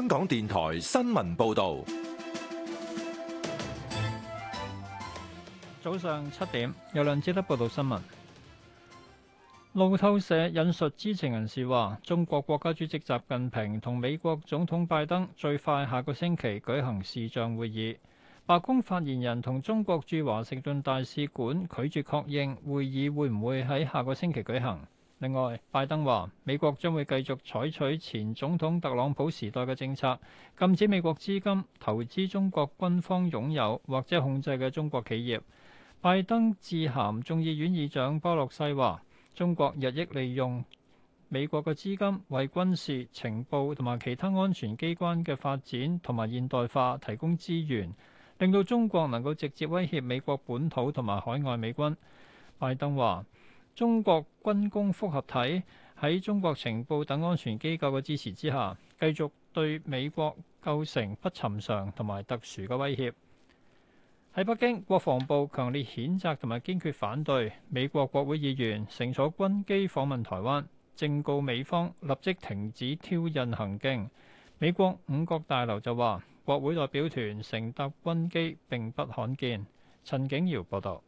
香港電台新聞報道，早上七點，由梁志德報道新聞。路透社引述知情人士話，中國國家主席習近平同美國總統拜登最快下個星期舉行視像會議。白宮發言人同中國駐華盛頓大使館拒絕確認會議會唔會喺下個星期舉行。另外，拜登話美國將會繼續採取前總統特朗普時代嘅政策，禁止美國資金投資中國軍方擁有或者控制嘅中國企業。拜登致函眾議院議長波洛西話：中國日益利用美國嘅資金為軍事、情報同埋其他安全機關嘅發展同埋現代化提供資源，令到中國能夠直接威脅美國本土同埋海外美軍。拜登話。中國軍工複合體喺中國情報等安全機構嘅支持之下，繼續對美國構成不尋常同埋特殊嘅威脅。喺北京，國防部強烈譴責同埋堅決反對美國國會議員乘坐軍機訪問台灣，正告美方立即停止挑釁行徑。美國五角大樓就話，國會代表團乘搭軍機並不罕見。陳景堯報道。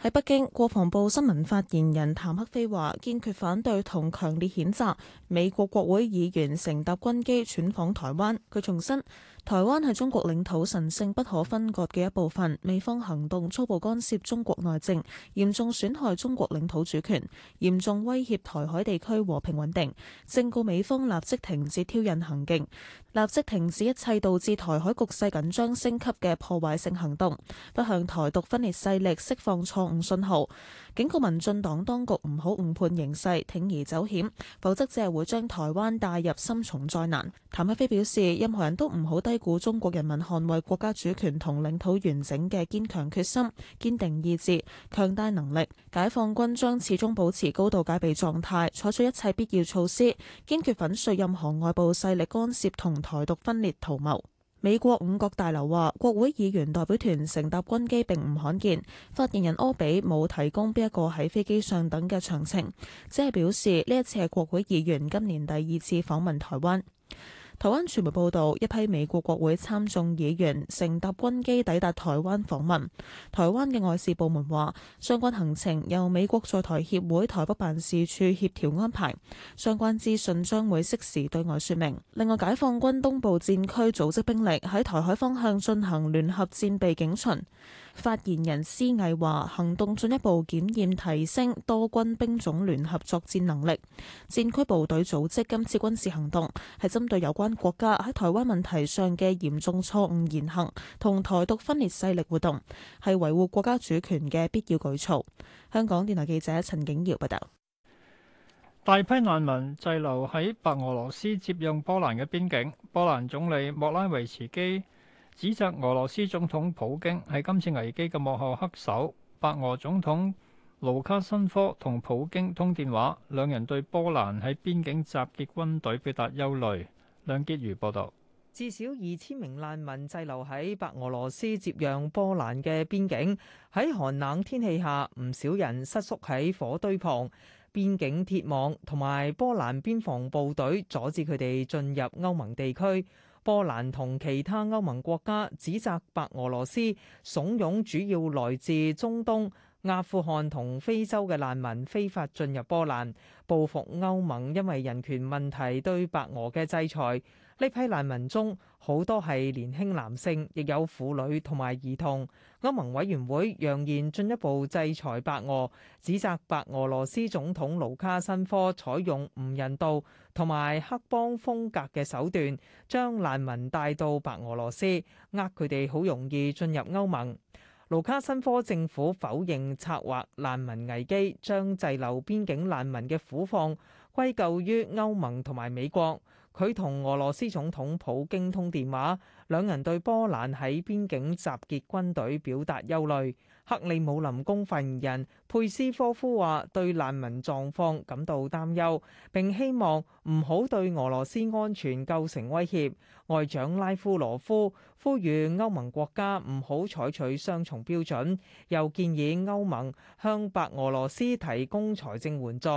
喺北京，國防部新聞發言人譚克非話：堅決反對同強烈譴責美國國會議員乘搭軍機竄訪台灣。佢重申。台灣係中國領土神聖不可分割嘅一部分，美方行動粗暴干涉中國內政，嚴重損害中國領土主權，嚴重威脅台海地區和平穩定。正告美方立即停止挑釁行徑，立即停止一切導致台海局勢緊張升級嘅破壞性行動，不向台獨分裂勢力釋放錯誤信號。警告民進黨當局唔好誤判形勢，鋌而走險，否則只係會將台灣帶入深重災難。譚一菲表示，任何人都唔好低低估中國人民捍衛國家主權同領土完整嘅堅強決心、堅定意志、強大能力，解放軍將始終保持高度戒備狀態，採取一切必要措施，堅決粉碎任何外部勢力干涉同台獨分裂圖謀。美國五角大樓話，國會議員代表團乘搭軍機並唔罕見。發言人柯比冇提供邊一個喺飛機上等嘅詳情，只係表示呢一次係國會議員今年第二次訪問台灣。台灣傳媒報道，一批美國國會參眾議員乘搭軍機抵達台灣訪問。台灣嘅外事部門話，相關行程由美國在台協會台北辦事處協調安排，相關資訊將會適時對外說明。另外，解放軍東部戰區組織兵力喺台海方向進行聯合戰備警巡。發言人施毅話：行動進一步檢驗、提升多軍兵種聯合作戰能力。戰區部隊組織今次軍事行動，係針對有關國家喺台灣問題上嘅嚴重錯誤言行同台獨分裂勢力活動，係維護國家主權嘅必要舉措。香港電台記者陳景瑤報道。大批難民滯留喺白俄羅斯接壤波蘭嘅邊境，波蘭總理莫拉維茨基。指責俄羅斯總統普京係今次危機嘅幕後黑手。白俄總統盧卡申科同普京通電話，兩人對波蘭喺邊境集結軍隊表達憂慮。梁潔如報導，至少二千名難民滯留喺白俄羅斯接壤波蘭嘅邊境，喺寒冷天氣下，唔少人瑟縮喺火堆旁，邊境鐵網同埋波蘭邊防部隊阻止佢哋進入歐盟地區。波蘭同其他歐盟國家指責白俄羅斯，慫恿主要來自中東、阿富汗同非洲嘅難民非法進入波蘭，報復歐盟因為人權問題對白俄嘅制裁。呢批難民中，好多係年輕男性，亦有婦女同埋兒童。歐盟委員會揚言進一步制裁白俄，指責白俄羅斯總統盧卡申科採用唔人道同埋黑幫風格嘅手段，將難民帶到白俄羅斯，呃佢哋好容易進入歐盟。盧卡申科政府否認策劃難民危機，將滯留邊境難民嘅苦況歸咎於歐盟同埋美國。佢同俄羅斯總統普京通電話，兩人對波蘭喺邊境集結軍隊表達憂慮。克里姆林宮發言人佩斯科夫話：對難民狀況感到擔憂，並希望唔好對俄羅斯安全構成威脅。外長拉夫羅夫呼籲歐盟國家唔好採取雙重標準，又建議歐盟向白俄羅斯提供財政援助。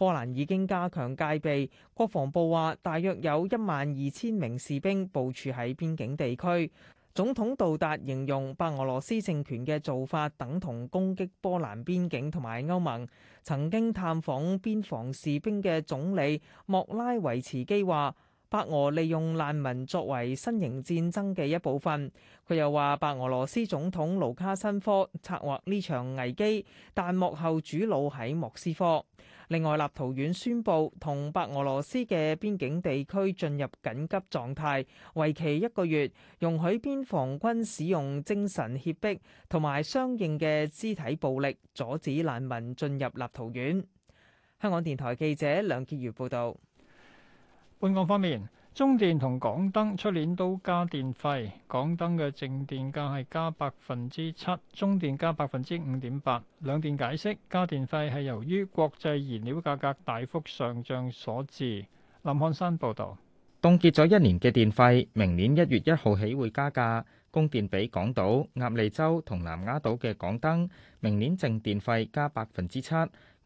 波蘭已經加強戒備，國防部話大約有一萬二千名士兵部署喺邊境地區。總統杜達形容白俄羅斯政權嘅做法等同攻擊波蘭邊境同埋歐盟。曾經探訪邊防士兵嘅總理莫拉維茨基話：白俄利用難民作為新型戰爭嘅一部分。佢又話：白俄羅斯總統盧卡申科策劃呢場危機，但幕後主腦喺莫斯科。另外，立陶宛宣布同白俄羅斯嘅邊境地區進入緊急狀態，為期一個月，容許邊防軍使用精神脅迫同埋相應嘅肢體暴力，阻止難民進入立陶宛。香港電台記者梁潔如報導。本港方面，中電同港燈出年都加電費。港燈嘅淨電價係加百分之七，中電加百分之五點八。兩電解釋加電費係由於國際燃料價格大幅上漲所致。林漢山報導，凍結咗一年嘅電費，明年一月一號起會加價。供電俾港島、鴨脷洲同南丫島嘅港燈，明年淨電費加百分之七。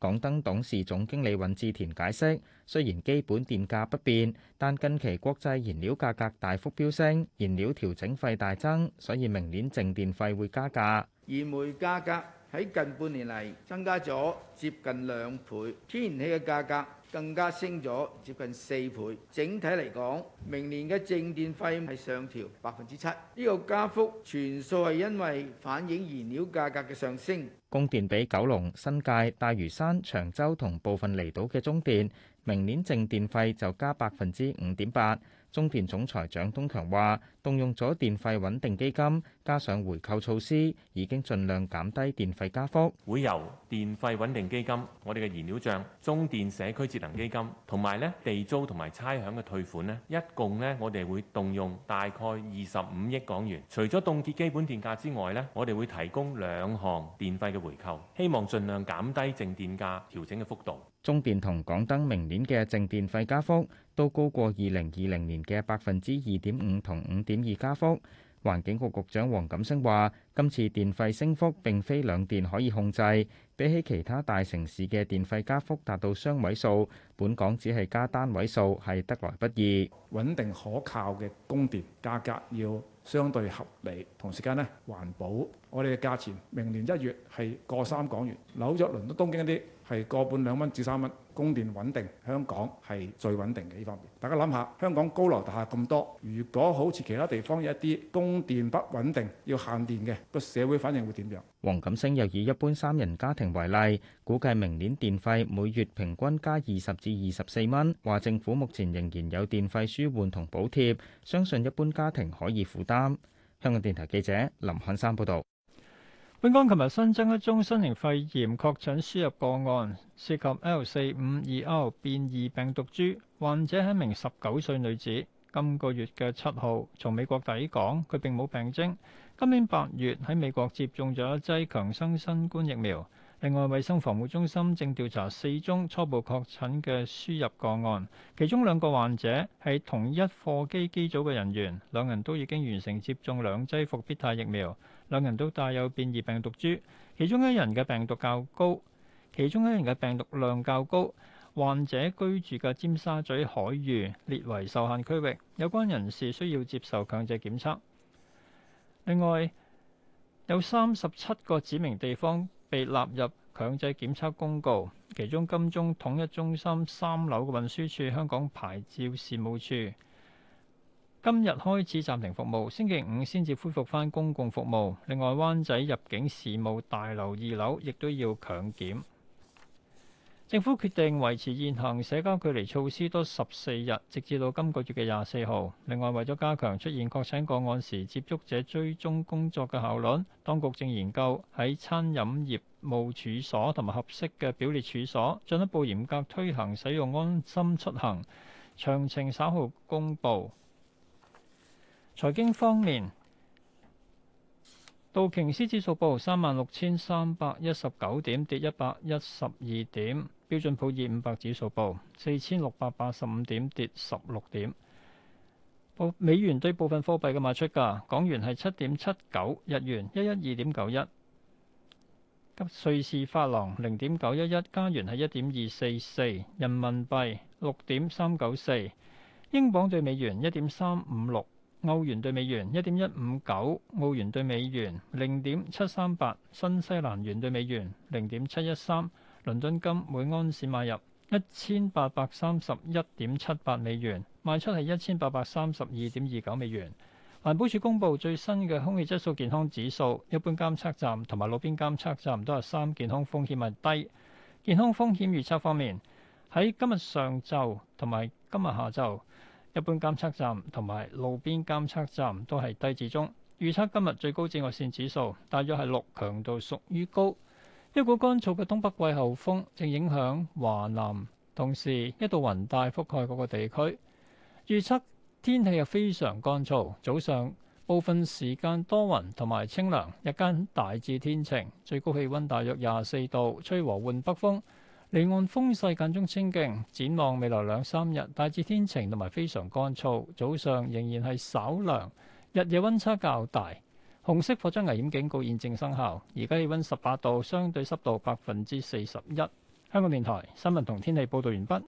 港燈董事總經理尹志田解釋：雖然基本電價不變，但近期國際燃料價格大幅飆升，燃料調整費大增，所以明年淨電費會加價。燃煤加價，喺近半年嚟增加咗接近兩倍，天然氣嘅價格更加升咗接近四倍。整體嚟講，明年嘅淨電費係上調百分之七，呢個加幅全數係因為反映燃料價格嘅上升。供電俾九龍、新界、大嶼山、長洲同部分離島嘅中電，明年淨電費就加百分之五點八。中電總裁蔣東強話，動用咗電費穩定基金，加上回購措施，已經盡量減低電費加幅。會由電費穩定基金、我哋嘅燃料帳、中電社區節能基金，同埋咧地租同埋差餉嘅退款咧，一共咧我哋會動用大概二十五億港元。除咗凍結基本電價之外咧，我哋會提供兩項電費嘅回購，希望盡量減低淨電價調整嘅幅度。中電同港燈明年嘅淨電費加幅都高過二零二零年嘅百分之二點五同五點二加幅。環境局局長黃錦星話：今次電費升幅並非兩電可以控制。比起其他大城市嘅電費加幅達到雙位數，本港只係加單位數，係得來不易。穩定可靠嘅供電，價格要相對合理，同時間呢環保。我哋嘅價錢明年一月係個三港元，紐約、倫敦、東京一啲係個半兩蚊至三蚊。供電穩定，香港係最穩定嘅呢方面。大家諗下，香港高樓大廈咁多，如果好似其他地方有一啲供電不穩定、要限電嘅，個社會反應會點樣？黃錦星又以一般三人家庭為例，估計明年電費每月平均加二十至二十四蚊。話政府目前仍然有電費舒緩同補貼，相信一般家庭可以負擔。香港電台記者林漢山報導。本港琴日新增一宗新型肺炎確診輸入個案，涉及 L 四五二 R 變異病毒株。患者係一名十九歲女子，今個月嘅七號從美國抵港，佢並冇病徵，今年八月喺美國接種咗一劑強生新冠疫苗。另外，衛生防護中心正調查四宗初步確診嘅輸入個案，其中兩個患者係同一貨機機組嘅人員，兩人都已經完成接種兩劑復必泰疫苗。兩人都帶有變異病毒株，其中一人嘅病毒較高，其中一人嘅病毒量較高。患者居住嘅尖沙咀海域列為受限區域，有關人士需要接受強制檢測。另外，有三十七個指明地方被納入強制檢測公告，其中金鐘統一中心三樓嘅運輸處、香港牌照事務處。今日開始暫停服務，星期五先至恢復返公共服務。另外，灣仔入境事務大樓二樓亦都要強檢。政府決定維持現行社交距離措施多十四日，直至到今個月嘅廿四號。另外，為咗加強出現確診個案時接觸者追蹤工作嘅效率，當局正研究喺餐飲業務處所同埋合適嘅表列處所進一步嚴格推行使用安心出行。詳情稍後公佈。財經方面，道瓊斯指數報三萬六千三百一十九點，跌一百一十二點。標準普爾五百指數報四千六百八十五點，跌十六點。美元對部分貨幣嘅賣出價，港元係七點七九，日元一一二點九一，及瑞士法郎零點九一一，11, 加元係一點二四四，人民幣六點三九四，英鎊對美元一點三五六。歐元兌美元一點一五九，澳元兌美元零點七三八，新西蘭元兌美元零點七一三，倫敦金每安士買入一千八百三十一點七八美元，賣出係一千八百三十二點二九美元。環保署公布最新嘅空氣質素健康指數，一般監測站同埋路邊監測站都係三，健康風險係低。健康風險預測方面，喺今日上晝同埋今日下晝。一般監測站同埋路邊監測站都係低至中。預測今日最高紫外線指數大約係六，強度屬於高。一股乾燥嘅東北季候風正影響華南，同時一道雲帶覆蓋嗰個地區。預測天氣係非常乾燥，早上部分時間多雲同埋清涼，日間大致天晴，最高氣溫大約廿四度，吹和緩北風。離岸風勢間中清勁，展望未來兩三日大致天晴同埋非常乾燥，早上仍然係稍涼，日夜温差較大。紅色火災危險警告現正生效，而家氣温十八度，相對濕度百分之四十一。香港電台新聞同天氣報導完畢。